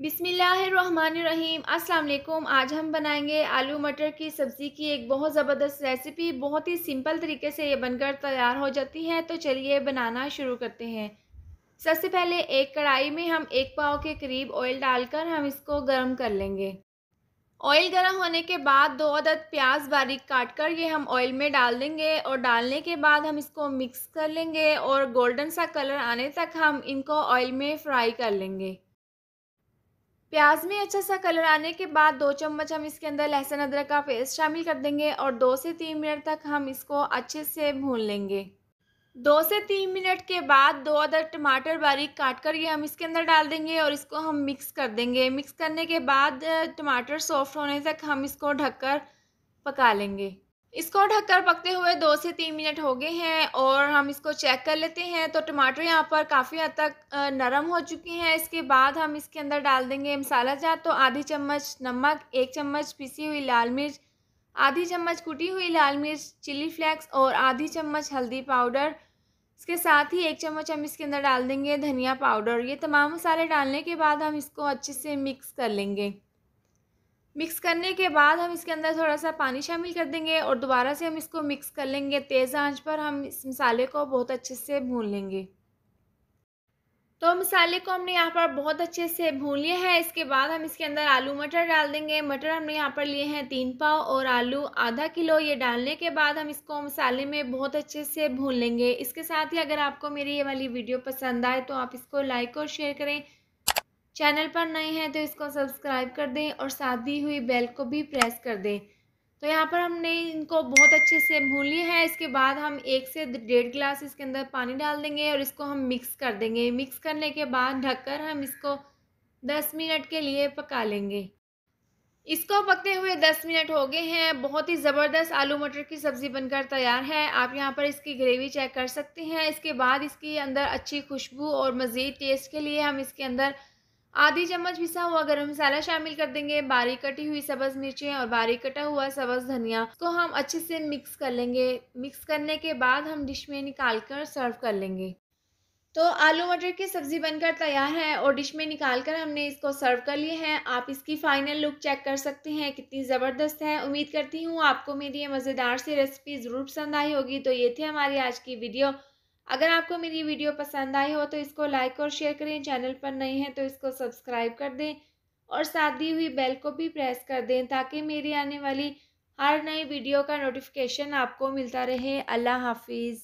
बिसमीम् अल्लाम आज हम बनाएंगे आलू मटर की सब्ज़ी की एक बहुत ज़बरदस्त रेसिपी बहुत ही सिंपल तरीके से ये बनकर तैयार हो जाती है तो चलिए बनाना शुरू करते हैं सबसे पहले एक कढ़ाई में हम एक पाव के करीब ऑयल डालकर हम इसको गर्म कर लेंगे ऑयल गर्म होने के बाद दो अदद प्याज बारीक काट कर ये हम ऑयल में डाल देंगे और डालने के बाद हम इसको मिक्स कर लेंगे और गोल्डन सा कलर आने तक हम इनको ऑयल में फ्राई कर लेंगे प्याज में अच्छा सा कलर आने के बाद दो चम्मच हम इसके अंदर लहसुन अदरक का पेस्ट शामिल कर देंगे और दो से तीन मिनट तक हम इसको अच्छे से भून लेंगे दो से तीन मिनट के बाद दो अदर टमाटर बारीक काट कर ये हम इसके अंदर डाल देंगे और इसको हम मिक्स कर देंगे मिक्स करने के बाद टमाटर सॉफ्ट होने तक हम इसको ढककर पका लेंगे इसको ढककर पकते हुए दो से तीन मिनट हो गए हैं और हम इसको चेक कर लेते हैं तो टमाटर यहाँ पर काफ़ी हद तक नरम हो चुके हैं इसके बाद हम इसके अंदर डाल देंगे मसाला जात तो आधी चम्मच नमक एक चम्मच पिसी हुई लाल मिर्च आधी चम्मच कुटी हुई लाल मिर्च चिली फ्लेक्स और आधी चम्मच हल्दी पाउडर इसके साथ ही एक चम्मच हम इसके अंदर डाल देंगे धनिया पाउडर ये तमाम मसाले डालने के बाद हम इसको अच्छे से मिक्स कर लेंगे मिक्स करने के बाद हम इसके अंदर थोड़ा सा पानी शामिल कर देंगे और दोबारा से हम इसको मिक्स कर लेंगे तेज़ आंच पर हम इस मसाले को बहुत अच्छे से भून लेंगे तो मसाले को हमने यहाँ पर बहुत अच्छे से भून लिया है इसके बाद हम इसके अंदर आलू मटर डाल देंगे मटर हमने यहाँ पर लिए हैं तीन पाव और आलू आधा किलो ये डालने के बाद हम इसको मसाले में बहुत अच्छे से भून लेंगे इसके साथ ही अगर आपको मेरी ये वाली वीडियो पसंद आए तो आप इसको लाइक और शेयर करें चैनल पर नए हैं तो इसको सब्सक्राइब कर दें और साथ दी हुई बेल को भी प्रेस कर दें तो यहाँ पर हमने इनको बहुत अच्छे से भून लिया है इसके बाद हम एक से डेढ़ गिलास इसके अंदर पानी डाल देंगे और इसको हम मिक्स कर देंगे मिक्स करने के बाद ढककर हम इसको दस मिनट के लिए पका लेंगे इसको पकते हुए दस मिनट हो गए हैं बहुत ही ज़बरदस्त आलू मटर की सब्ज़ी बनकर तैयार है आप यहाँ पर इसकी ग्रेवी चेक कर सकते हैं इसके बाद इसके अंदर अच्छी खुशबू और मज़ीद टेस्ट के लिए हम इसके अंदर आधी चम्मच पिसा हुआ गरम मसाला शामिल कर देंगे बारीक कटी हुई सब्ज मिर्चें और बारीक कटा हुआ सब्ज धनिया को हम अच्छे से मिक्स कर लेंगे मिक्स करने के बाद हम डिश में निकाल कर सर्व कर लेंगे तो आलू मटर की सब्ज़ी बनकर तैयार है और डिश में निकाल कर हमने इसको सर्व कर लिए हैं आप इसकी फ़ाइनल लुक चेक कर सकते हैं कितनी ज़बरदस्त है उम्मीद करती हूँ आपको मेरी ये मज़ेदार सी रेसिपी ज़रूर पसंद आई होगी तो ये थी हमारी आज की वीडियो अगर आपको मेरी वीडियो पसंद आई हो तो इसको लाइक और शेयर करें चैनल पर नए हैं तो इसको सब्सक्राइब कर दें और साथ दी हुई बेल को भी प्रेस कर दें ताकि मेरी आने वाली हर नई वीडियो का नोटिफिकेशन आपको मिलता रहे अल्लाह हाफिज़